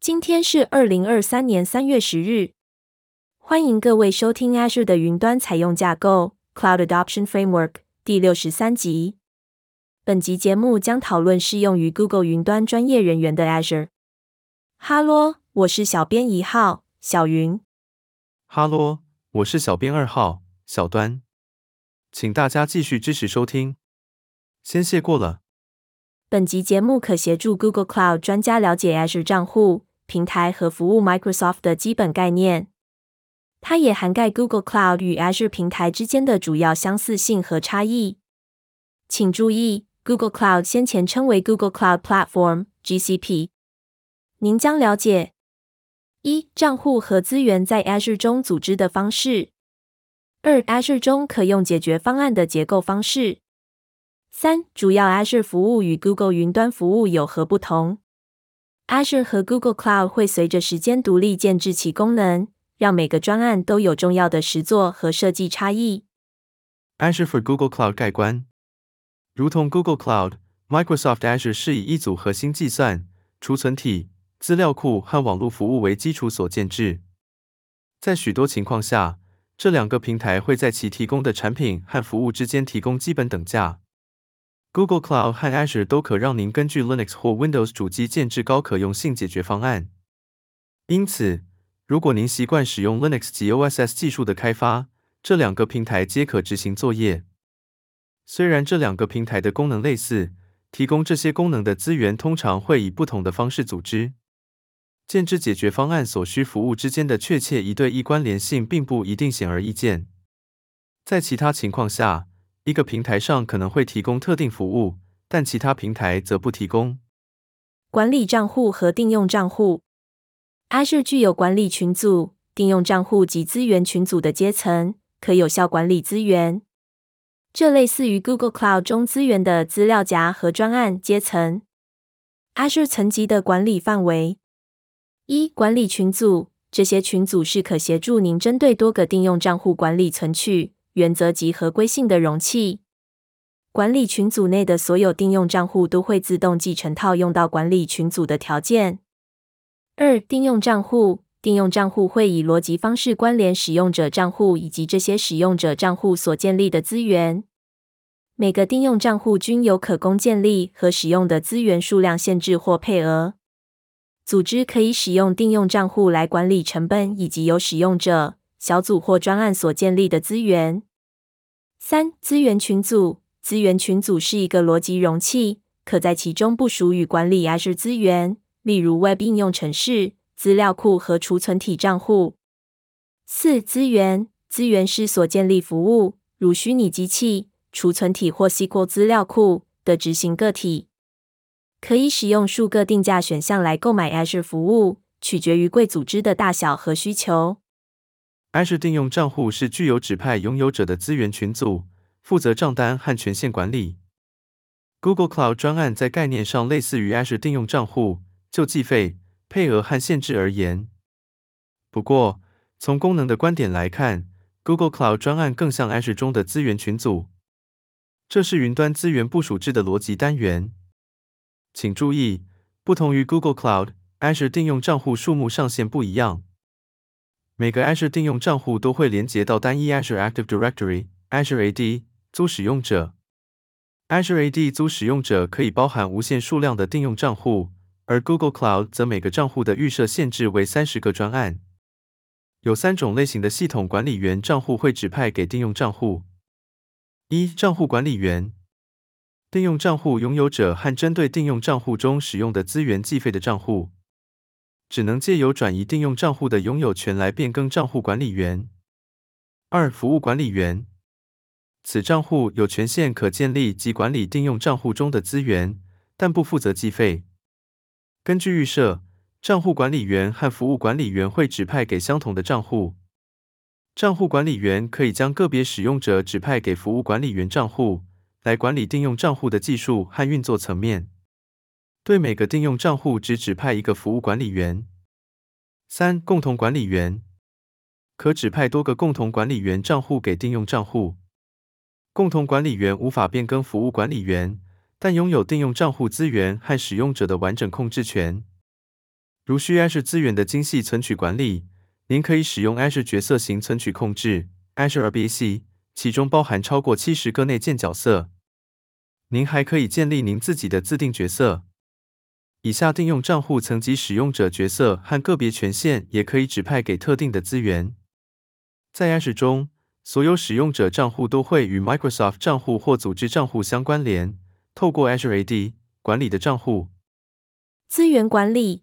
今天是二零二三年三月十日，歡迎各位收聽 Azure 的雲端採用架構 Cloud Adoption Framework 第六十三集。本集節目將討論適用於 Google 雲端專業人員的 Azure。哈嘍，我是小編一號，小雲。哈嘍，我是小編二號，小端。請大家繼續支持收聽。先謝過了。本集節目可協助 Google Cloud 專家了解 Azure 賬戶。平台和服務 Microsoft 的基本概念，它也涵蓋 Google Cloud 與 Azure 平台之間的主要相似性和差異。請注意，Google Cloud 先前稱為 Google Cloud Platform（GCP）。您將了解：一、賬戶和資源在 Azure 中組織的方式；二、Azure 中可用解決方案的結構方式；三、主要 Azure 服務與 Google 雲端服務有何不同。Azure 和 Google Cloud 會隨着時間獨立建置其功能，讓每個專案都有重要的實作和設計差異。Azure for Google Cloud 概觀，如同 Google Cloud，Microsoft Azure 是以一組核心計算、儲存體、資料庫和網絡服務為基礎所建制。在許多情況下，這兩個平台會在其提供的產品和服務之間提供基本等價。Google Cloud 和 Azure 都可讓您根據 Linux 或 Windows 主機建置高可用性解決方案。因此，如果您習慣使用 Linux 及 OSS 技術的開發，這兩個平台皆可執行作業。雖然這兩個平台的功能類似，提供這些功能的資源通常會以不同的方式組織。建置解決方案所需服務之間的確切一對一關聯性，並不一定顯而易見。在其他情況下，一個平台上可能會提供特定服務，但其他平台則不提供。管理賬戶和定用賬戶。Azure 具有管理群組、定用賬戶及資源群組的階層，可有效管理資源。這類似於 Google Cloud 中資源的資料夾和專案階層。Azure 層級的管理範圍：一、管理群組，這些群組是可協助您針對多個定用賬戶管理存取，原則及合規性的容器，管理群組內的所有訂用賬戶都會自動繼承套用到管理群組的條件。二、訂用賬戶，訂用賬戶會以邏輯方式關聯使用者賬戶以及這些使用者賬戶所建立的資源。每個訂用賬戶均有可供建立和使用的資源數量限制或配額。組織可以使用訂用賬戶來管理成本以及由使用者、小組或專案所建立的資源。三、資源群組，資源群組是一個邏輯容器，可在其中部署與管理 Azure 資源，例如 Web 應用程式、資料庫和儲存體賬戶。四、資源，資源是所建立服務，如虛擬機器、儲存體或 SQL 資料庫的執行個體。可以使用數個定價選項來購買 Azure 服務，取決於貴組織的大小和需求。Azure 訂用賬戶是具有指派擁有者的資源群組，負責賬單和權限管理。Google Cloud 專案在概念上類似於 Azure 訂用賬戶，就計費、配額和限制而言。不過，從功能的觀點來看，Google Cloud 專案更像 Azure 中的資源群組，這是雲端資源部署制的邏輯單元。請注意，不同於 Google Cloud，Azure 訂用賬戶數目上限不一樣。每個 Azure 訂用賬戶都會連接到單一 Azure Active Directory (Azure AD) 租使用者。Azure AD 租使用者可以包含無限數量的訂用賬戶，而 Google Cloud 則每個賬戶的預設限制為三十個專案。有三種類型的系統管理員賬戶會指派給訂用賬戶：一、賬戶管理員，訂用賬戶擁有者和針對訂用賬戶中使用的資源計費的賬戶。只能借由轉移定用賬戶的擁有權來變更賬戶管理員。二、服務管理員。此賬戶有權限可建立及管理定用賬戶中的資源，但不負責計費。根據預設，賬戶管理員和服務管理員會指派給相同的賬戶。賬戶管理員可以將個別使用者指派給服務管理員賬戶，來管理定用賬戶的技術和運作層面。對每個定用賬戶只指派一個服務管理員。三、共同管理員可指派多個共同管理員賬戶給定用賬戶。共同管理員無法變更服務管理員，但擁有定用賬戶資源和使用者的完整控制權。如需 Azure 資源的精細存取管理，您可以使用 Azure 角色型存取控制 （Azure b c 其中包含超過七十個內建角色。您還可以建立您自己的自定角色。以下定用賬戶層級使用者角色和個別權限，也可以指派給特定的資源。在 Azure 中，所有使用者賬戶都會與 Microsoft 賬戶或組織賬戶相關聯，透過 Azure AD 管理的賬戶。資源管理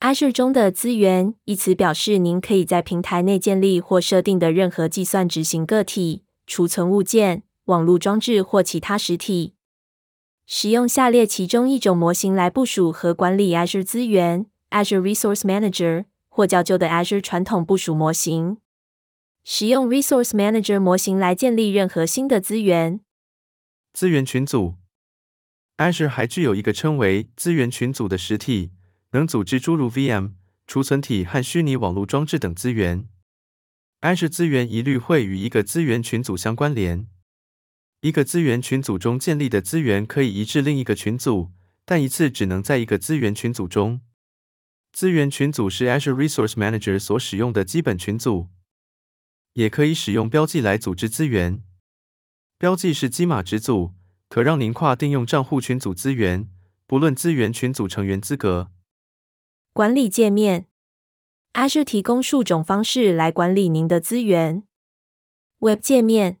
Azure 中的資源一詞表示您可以在平台內建立或設定的任何計算執行個體、儲存物件、網絡裝置或其他實體。使用下列其中一種模型來部署和管理 Azure 資源：Azure Resource Manager 或較舊的 Azure 傳統部署模型。使用 Resource Manager 模型來建立任何新的資源。資源群組。Azure 還具有一個稱為資源群組的實體，能組織諸如 VM、儲存體和虛擬網絡裝置等資源。Azure 資源一律會與一個資源群組相關聯。一個資源群組中建立的資源可以移至另一個群組，但一次只能在一個資源群組中。資源群組是 Azure Resource Manager 所使用的基本群組，也可以使用標記來組織資源。標記是機碼值組，可讓您跨訂用賬戶群組資源，不論資源群組成員資格。管理界面，Azure 提供數種方式來管理您的資源。Web 界面。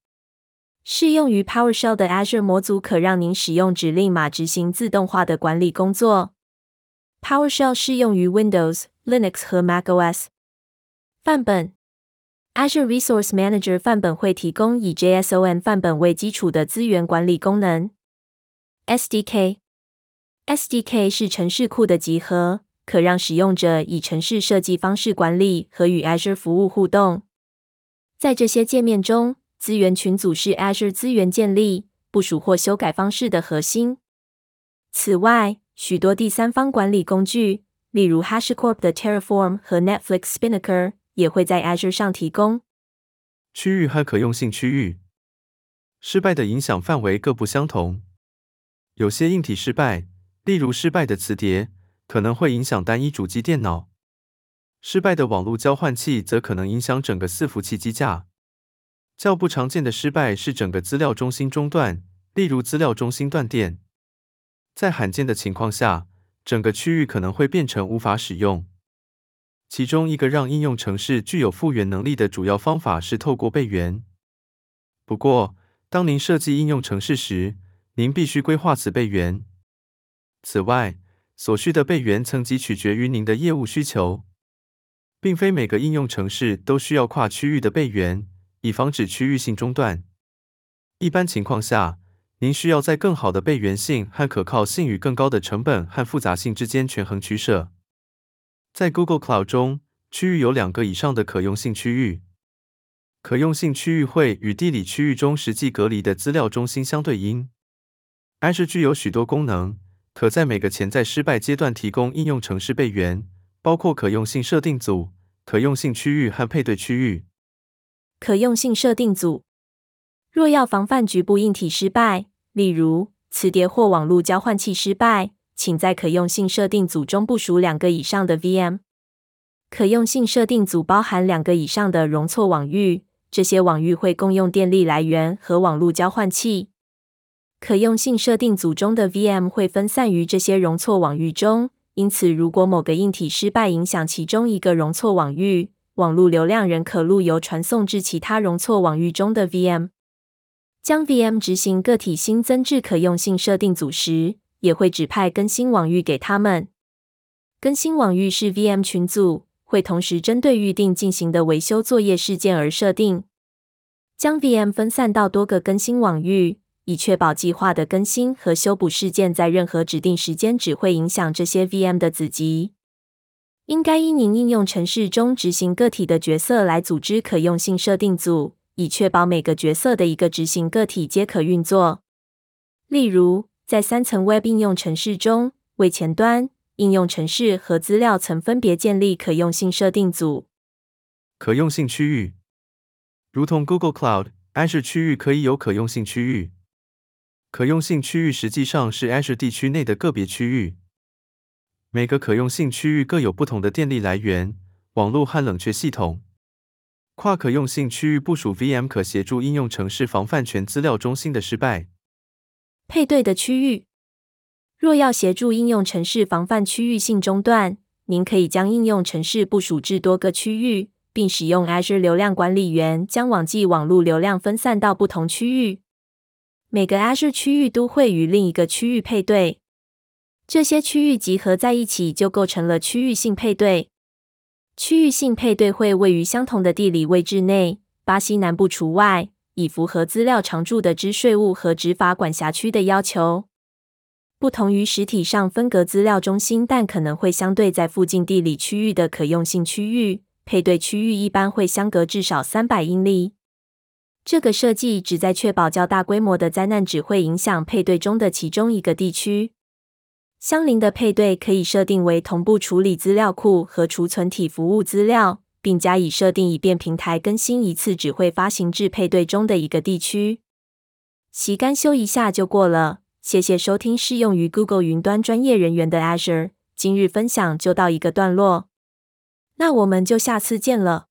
適用於 PowerShell 的 Azure 模組可讓您使用指令碼執行自動化的管理工作。PowerShell 適用於 Windows、Linux 和 macOS。範本 Azure Resource Manager 範本會提供以 JSON 範本為基礎的資源管理功能。SDK SDK 是程式庫的集合，可讓使用者以程式設計方式管理和與 Azure 服務互動。在這些界面中。資源群組是 Azure 資源建立、部署或修改方式的核心。此外，許多第三方管理工具，例如 HashiCorp 的 Terraform 和 Netflix Spinnaker，也會在 Azure 上提供。區域和可用性區域。失敗的影響範圍各不相同。有些硬體失敗，例如失敗的磁碟，可能會影響單一主機電腦；失敗的網絡交換器則可能影響整個伺服器機架。較不常見的失敗是整個資料中心中斷，例如資料中心斷電。在罕見的情況下，整個區域可能會變成無法使用。其中一個讓應用程式具有復原能力的主要方法是透過備援。不過，當您設計應用程式時，您必須規劃此備援。此外，所需的備援層級取決於您的業務需求，並非每個應用程式都需要跨區域的備援以防止區域性中斷。一般情況下，您需要在更好的備援性和可靠性與更高的成本和複雜性之間權衡取捨。在 Google Cloud 中，區域有兩個以上的可用性區域。可用性區域會與地理區域中實際隔離的資料中心相對應。Azure 具有許多功能，可在每個潛在失敗階段提供應用程式備援，包括可用性設定組、可用性區域和配對區域。可用性設定組若要防範局部硬體失敗，例如磁碟或網路交換器失敗，請在可用性設定組中部署兩個以上的 VM。可用性設定組包含兩個以上的容錯網域，這些網域會共用電力來源和網路交換器。可用性設定組中的 VM 會分散於這些容錯網域中，因此如果某個硬體失敗影響其中一個容錯網域。網絡流量仍可路由傳送至其他容錯網域中的 VM。將 VM 執行個體新增至可用性設定組時，也會指派更新網域給他們。更新網域是 VM 群組，會同時針對預定進行的維修作業事件而設定。將 VM 分散到多個更新網域，以確保計劃的更新和修補事件在任何指定時間只會影響這些 VM 的子集。應該依您應用程式中執行個體的角色來組織可用性設定組，以確保每個角色的一個執行個體皆可運作。例如，在三層 Web 應用程式中，為前端、應用程式和資料層分別建立可用性設定組。可用性區域，如同 Google Cloud，Azure 區域可以有可用性區域。可用性區域實際上是 Azure 地區內的個別區域。每個可用性區域各有不同的電力來源、網絡和冷卻系統。跨可用性區域部署 VM 可協助應用程式防範全資料中心的失敗。配對的區域。若要協助應用程式防範區域性中斷，您可以將應用程式部署至多個區域，並使用 Azure 流量管理員將網際網路流量分散到不同區域。每個 Azure 區域都會與另一個區域配對。這些區域集合在一起就構成了區域性配對。區域性配對會位於相同的地理位置內（巴西南部除外），以符合資料常駐的支稅務和執法管轄區的要求。不同於實體上分隔資料中心，但可能會相對在附近地理區域的可用性區域，配對區域一般會相隔至少三百英里。這個設計旨在確保較大規模的災難只會影響配對中的其中一個地區。相鄰的配對可以設定為同步處理資料庫和儲存體服務資料，並加以設定以便平台更新一次只會發行至配對中的一個地區。洗干修一下就過了，謝謝收聽適用於 Google 雲端專業人員的 Azure。今日分享就到一個段落，那我們就下次見了。